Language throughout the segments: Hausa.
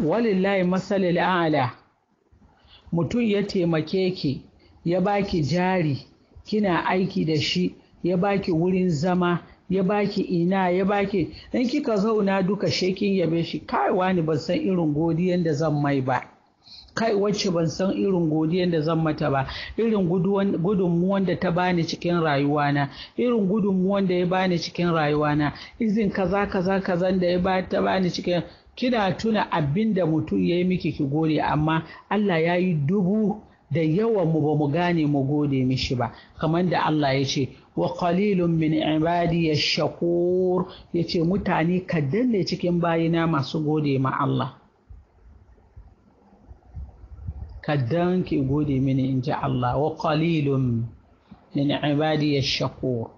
walillahi masalil a'la mutum ya taimake ki ya baki jari kina aiki da shi ya baki wurin zama ya baki ina ya baki dan kika zauna duka shekin yabe shi kai wani ban san irin godiyan da zan mai ba kai wacce ban san irin godiyan da zan mata ba irin gudunmuwan da ta bani cikin rayuwana irin gudunmuwan da ya bani cikin rayuwana izin kaza kaza kazan da ya ta bani cikin kina tuna abin da mutum ya yi miki ki gode amma Allah ya yi dubu da yawan mu ba mu gane mu gode mishi ba kamar da Allah ya ce wa qalilun min ibadi shakur ya mutane ka danne cikin bayina masu gode ma Allah Ka ki gode mini in ji Allah wa qalilun min ibadi shakur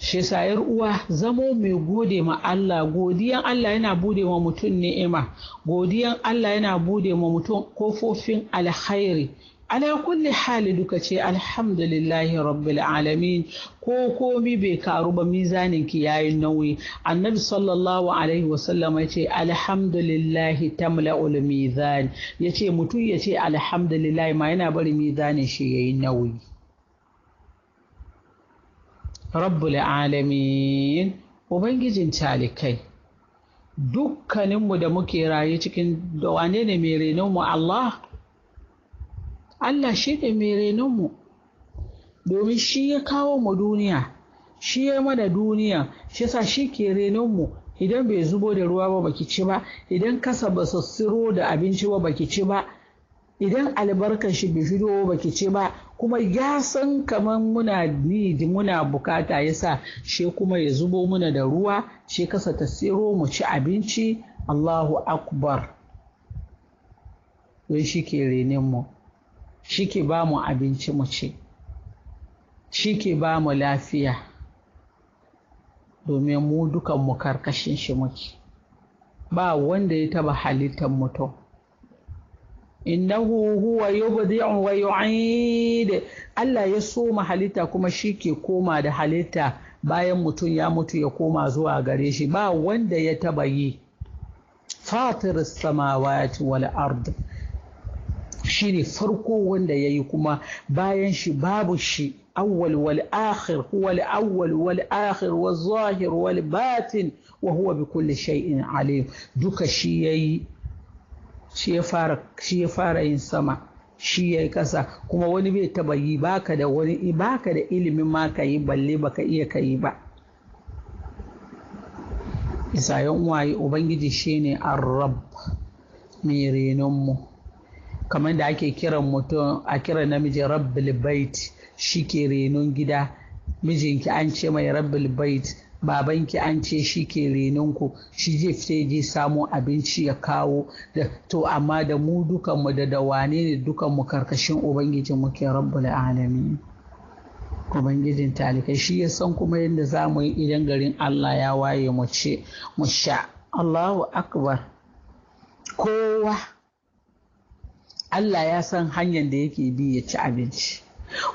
shi sayar uwa zamo mai gode ma Allah godiyan Allah yana bude ma mutum ni'ima godiyan Allah yana bude ma mutum kofofin alkhairi ala kulli hali duka ce alhamdulillahi rabbil alamin ko komi bai karu ba mizanin ki yayi nauyi annabi sallallahu alaihi wasallam ya ce alhamdulillahi tamla'ul mizan ya ce mutum ya ce alhamdulillahi ma yana bari mizanin shi yayi nauyi rabbul alamin ubangijin talikai dukkaninmu da muke rayu cikin da wane ne mai renonmu Allah Allah shi ne mai renonmu domin shi ya kawo mu duniya shi ya mana duniya shi sa shi ke renonmu idan bai zubo da ruwa ba baki ci ba idan kasa ba siro da abinci ba baki ci ba idan albarkar shi bai fito baki ci ba kuma ya san kamar muna nidi muna bukata yasa shi kuma ya zubo muna da ruwa shi kasa ta tsiro mu ci abinci Allahu akbar don shi ke renin mu shi ke ba mu abinci mu ci shi ke ba mu lafiya domin mu dukan mu karkashin shi muke ba wanda ya taba halittar mutum innahu huwa yubdi'u wa yu'id Allah ya soma halitta kuma shi ke koma da halitta bayan mutum ya mutu ya koma zuwa gare shi ba wanda ya taba yi fatir samawati wal ard shine farko wanda yayi kuma bayan shi babu shi awwal wal akhir huwa al awwal wal akhir wal zahir wal batin wa huwa bi kulli shay'in alim duka shi yayi shi ya fara yin sama shi ya yi ƙasa kuma wani bai taba yi baka da wani baka da ilimin ma ka yi balle baka iya ka yi ba isayen waye ubangiji shine arab mai mu? kamar da ake kiran mutum a kiran namiji rabbil bait shi ke renon gida mijinki an ce mai rabbil bait babanki an ce shi ke renon ku shi zai fita je samo abinci ya kawo to amma da mu dukanmu da dawane ne dukanmu karkashin ubangijin mu ke rabbul alamin ubangijin talikai shi ya san kuma yadda za mu yi idan garin allah ya waye mu ce mu sha allahu akbar kowa allah ya san hanyar da yake bi ya ci abinci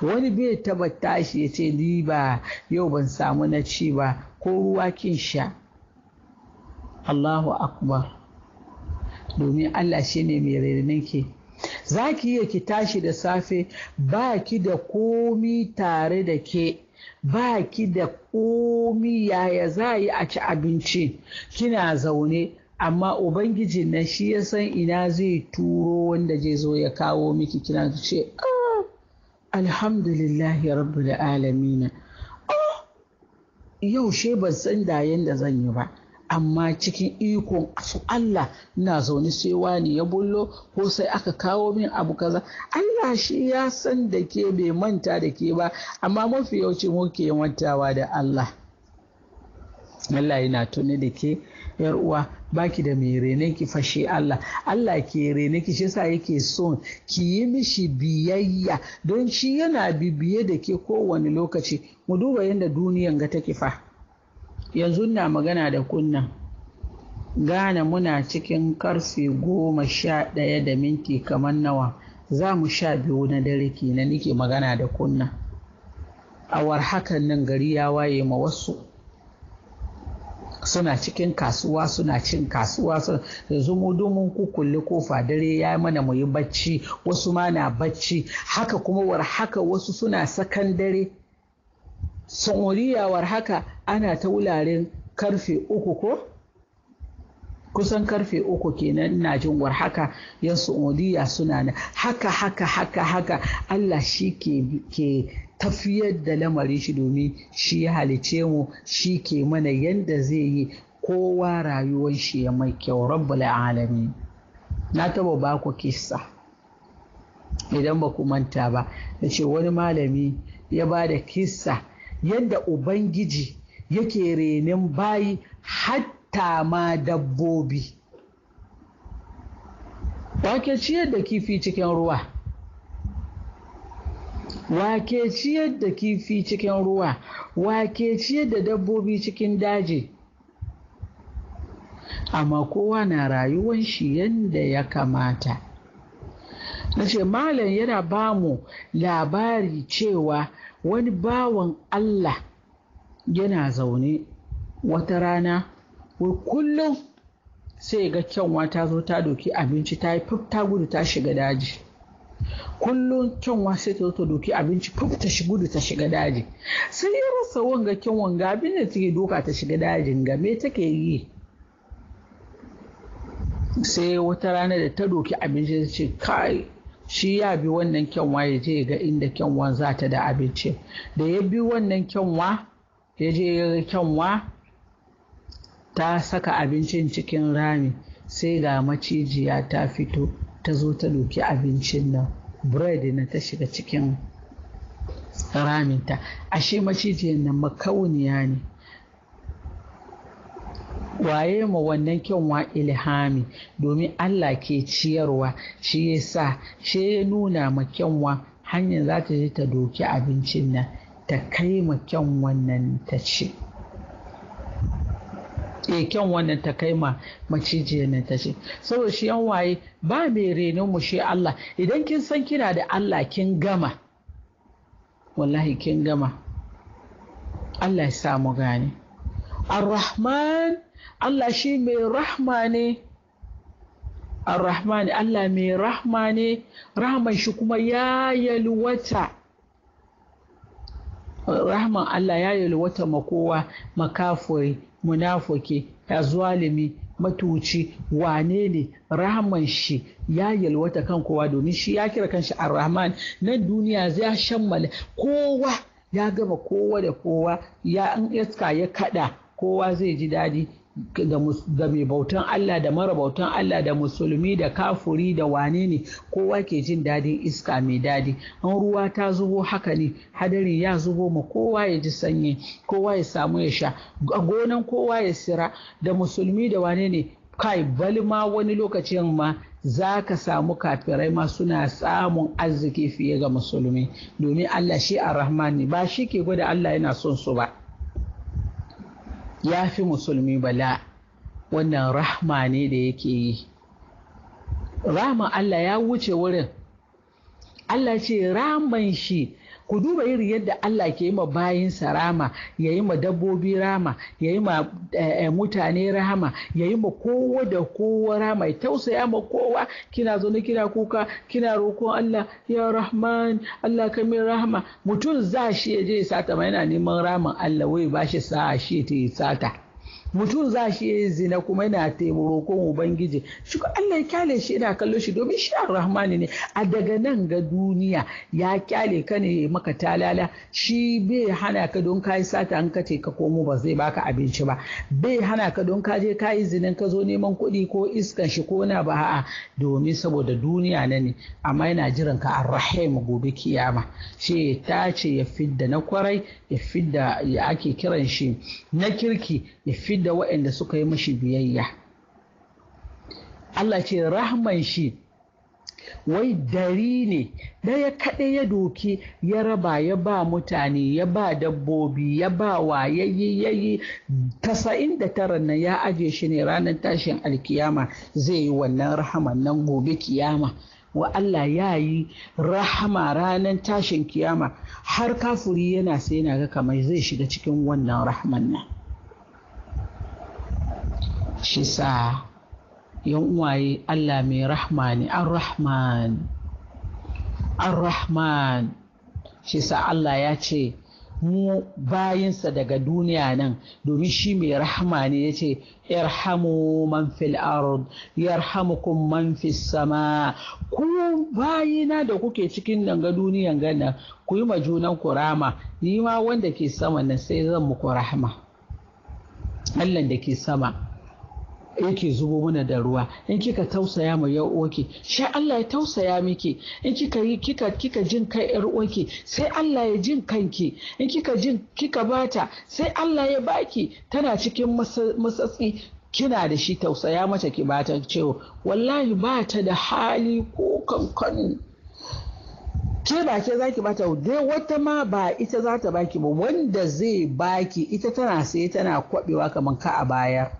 wani bai taba tashi ya ce ni ba yau ban samu na ci ba ko ruwa kin sha Allahu akbar domin Allah shi ne mai renin ki za ki iya ki tashi da safe ba ki da komi tare da ke ba ki da komi yaya za a yi a ci abinci kina zaune amma ubangiji na shi ya san ina zai turo wanda zai zo ya kawo miki kina ce ah, alhamdulillahi rabbil alamina yau she ban san da yadda zan yi ba amma cikin ikon su Allah na zaune sai wani ya bullo ko sai aka kawo min abu kaza Allah shi ya san da ke bai manta da ke ba amma mafi yawanci muke mantawa da Allah Allah yana tuni da ke yar uwa baki da mai rene ki fashe Allah Allah ke rene ki yasa yake so ki yi mishi biyayya don shi yana bibiye da ke kowane lokaci mu duba yadda duniyan ga take fa yanzu na magana da kunna gana muna cikin karfe goma sha ɗaya da minti kamar nawa za mu sha biyu na dare kenan nike magana da kunna Awar hakan nan gari ya waye ma wasu suna cikin kasuwa suna cin kasuwa yanzu mu mun kukulle ko fadare ya mana mu yi bacci wasu ma na bacci haka kuma war haka wasu suna sakan dare war haka ana ta wularen karfe uku ko kusan karfe uku kenan ina jin war haka yan saudiya suna nan haka haka haka haka allah shi ke tafiyar da lamari shi domin shi ya halice mu shi ke mana yadda zai yi kowa rayuwar shi ya mai kyau rabbul na taba ba ku kissa idan ba ku manta ba da ce wani malami ya ba da kissa yadda ubangiji yake renin bayi hatta ma dabbobi wake ciyar da kifi cikin ruwa wake ciyar da kifi cikin ruwa wake ciyar da dabbobi cikin daji amma kowa na rayuwan shi yadda ya kamata na ce malam yana ba mu labari cewa wani bawan allah yana zaune wata rana kullum sai ga kyanwa ta zo ta doki abinci ta yi ta gudu ta shiga daji kullum kyanwa sai ta zo ta doki abinci kuma ta shigo da ta shiga daji sai ya rasa wanga kyanwan ga abin da take doka ta shiga dajin ga me take yi sai wata rana da ta doki abinci ta ce kai shi ya bi wannan kyanwa ya je ga inda kyanwa za ta da abinci da ya bi wannan kyanwa ya je kyanwa ta saka abincin cikin rami sai ga macijiya ta fito ta zo ta ɗauki abincin nan bread na ta shiga cikin raminta ashe macijiyar nan makauniya ne waye ma wannan kyanwa ilhami domin Allah ke ciyarwa shi ya sa shi ya nuna ma kyanwa hanyar za ta je ta doki abincin nan ta kai ma kyanwan nan ta ce. e kyan wannan ta kai ma macijiyar nan ta ce saboda shi yan waye ba mai renon mu shi Allah idan kin san kina da Allah kin gama wallahi kin gama Allah ya sa mu gane ar-rahman Allah shi mai rahma ne ar-rahman Allah mai rahma ne rahman shi kuma ya yalwata rahman Allah ya yalwata makowa makafuri munafuki zalimi matuci wane ne rahman shi ya yalwata kan kowa domin shi ya kira kanshi shi rahman nan duniya zai shammala kowa ya gama kowa da kowa ya in iska ya kada kowa zai ji daɗi Da mai bautan Allah da mara bautan Allah da musulmi da kafuri da wane ne kowa ke jin dadin iska mai dadi an ruwa ta zubo haka ne hadari ya zubo ma kowa ya ji sanyi kowa ya samu ya sha gonan kowa ya sira da musulmi da wane ne kai bali ma wani lokacin ma za ka samu kafirai ma suna samun arziki fiye ga musulmi domin Allah shi a rahman ne ba shi ke gwada Allah yana son su ba ya fi musulmi bala wannan rahma ne da yake yi Rahman Allah ya wuce wurin Allah ce raman shi ku duba irin yadda Allah ke yi ma bayansa rama ya yi ma dabbobi rama ya yi ma eh, eh, mutane rama ya yi ma kowa da kowa rama ya tausaya ma kowa kina zo ne kina kuka kina roƙon Allah ya rahman Allah ka min rahama mutum za shi ya je ya sata ma yana neman raman Allah wai ba shi sa shi ta yi sata mutum za shi ya yi zina kuma yana taimakon ubangiji shi ko Allah ya kyale shi yana kallo shi domin shi rahmani ne a daga nan ga duniya ya kyale ka ne maka talala shi bai hana ka don kayi sata an ka ka komo ba zai baka abinci ba bai hana ka don ka je kayi zinin ka zo neman kuɗi ko iskan shi ko na ba a'a domin saboda duniya na ne amma yana jiran ka arrahim gobe kiyama shi ta ce ya fidda na kwarai ya fidda ya ake kiran shi na kirki ya fidda da waɗanda suka yi mashi biyayya Allah ce rahman shi wai dari ne ɗaya kaɗai ya doki ya raba ya ba mutane ya ba dabbobi ya ba wayayi yayi tasa'in da tara nan ya ajiye shi ne ranar tashin alkiyama zai yi wannan rahman nan gobe kiyama wa Allah ya yi rahama ranar tashin kiyama har kafuri yana sai yana ga kamar zai shiga cikin wannan rahman nan shi sa yan uwaye Allah mai rahma ne ar-rahman ar-rahman shi sa Allah ya ce mu bayinsa daga duniya nan domin shi mai rahma ne ya ce irhamu man fil ard yarhamukum man fis sama ku bayina da kuke cikin nan ga duniyan gana ku yi ma junan ku rama ni ma wanda ke sama nan sai zan muku rahma, Allah da ke sama yake zubo mana da ruwa in kika tausaya ma yar uwarki sai Allah ya tausaya miki in kika kika kika jin kai yar uwarki sai Allah ya jin kanki in kika jin kika bata sai Allah ya baki tana cikin matsatsi kina da shi tausaya mata ki bata cewa wallahi bata da hali ko kankan ke ba ke zaki bata dai wata ma ba ita za ta baki ba wanda zai baki ita tana sai tana kwabewa kamar ka a baya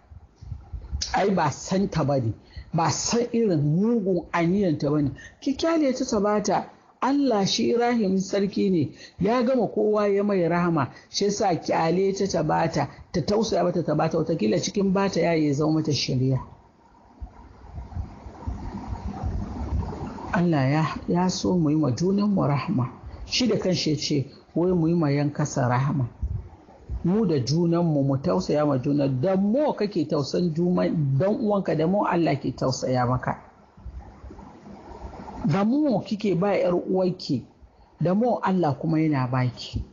ai ba san ta ba ne ba san irin mugun aniyanta ba ne ki ta sabata Allah shi Ibrahim sarki ne ya gama kowa ya mai rahama shi sa kyale ta tabata ta tausaya mata tabata watakila cikin bata ya yi zama mata shirya Allah ya, so mu yi ma junan mu rahama shi da kan ce wai mu yi ma yankasa rahama mu da junanmu mu tausaya ma juna don mu kake tausan dan uwanka da mu Allah ke tausaya maka da mu kike ba yar uwarki da mu Allah kuma yana baki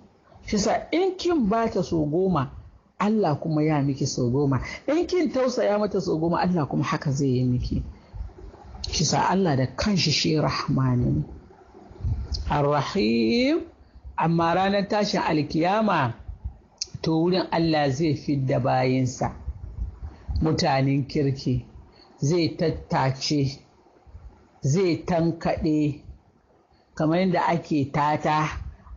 shi sa in kin ba ta so goma Allah kuma ya miki so goma in kin tausaya mata so goma Allah kuma haka zai yi miki shi sa Allah da kanshi shi rahmanin ar-rahim amma ranar tashin alkiyama to wurin Allah zai fi da bayinsa mutanen kirki zai tattace zai tankaɗe kamar yadda ake tata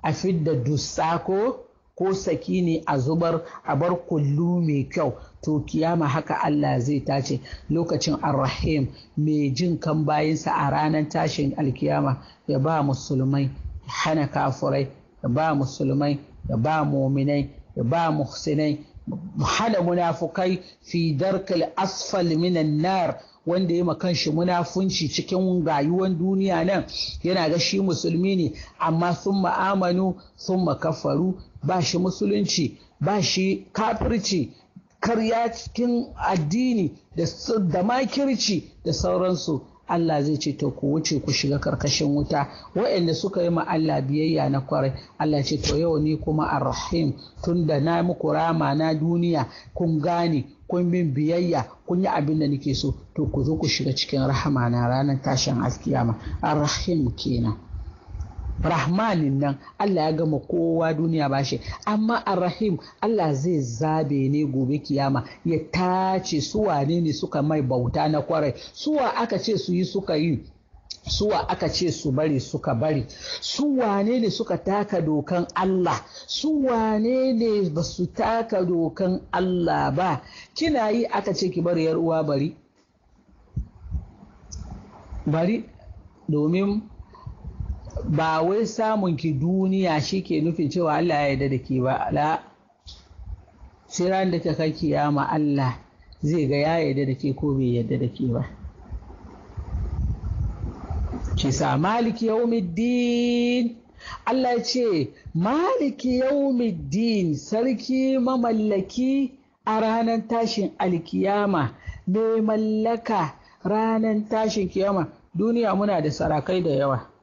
a fidda dussa ko ko saki ne a zubar a bar kullu mai kyau to kiyama haka Allah zai tace lokacin arrahim mai jin kan bayinsa a ranar tashin alkiyama ya ba musulmai hana kafurai ya ba musulmai ya ba muminai. ba muhsinai hana munafukai fi darkal asfal minan nar wanda ya makan shi munafunci cikin rayuwar duniya nan yana ga shi musulmi ne amma sun ma'amanu sun kafaru ba shi musulunci ba shi kafirci karya cikin addini da makirci da sauransu Allah zai ce to ku wuce ku shiga karkashin wuta wa'anda suka yi ma Allah biyayya na kwarai Allah ce to yau ni kuma arrahim tunda na muku rama na duniya kun gane kun bin biyayya kun yi abin da nake so to ku zo ku shiga cikin rahama na ranar tashin alkiyama arrahim kenan rahmanin nan Allah ya gama kowa duniya bashi amma arrahim Allah zai zabe ne gobe kiyama ya tace su wane ne suka mai bauta na kwarai suwa aka ce su yi suka yi suwa aka ce su bari suka bari su wane ne suka taka dokan Allah su wane ne ba su taka dokan Allah ba kina yi aka ce ki bari yar uwa bari bari domin ba wai samun ki duniya shi ke nufin cewa Allah ya yarda da ke ba ala sai da ka kiyama Allah zai ga ya yarda da ke ko bai yarda da ke ba ki sa maliki yaumiddin Allah ya ce maliki yaumiddin sarki mamallaki a ranar tashin alkiyama mai mallaka ranar tashin kiyama duniya muna da sarakai da yawa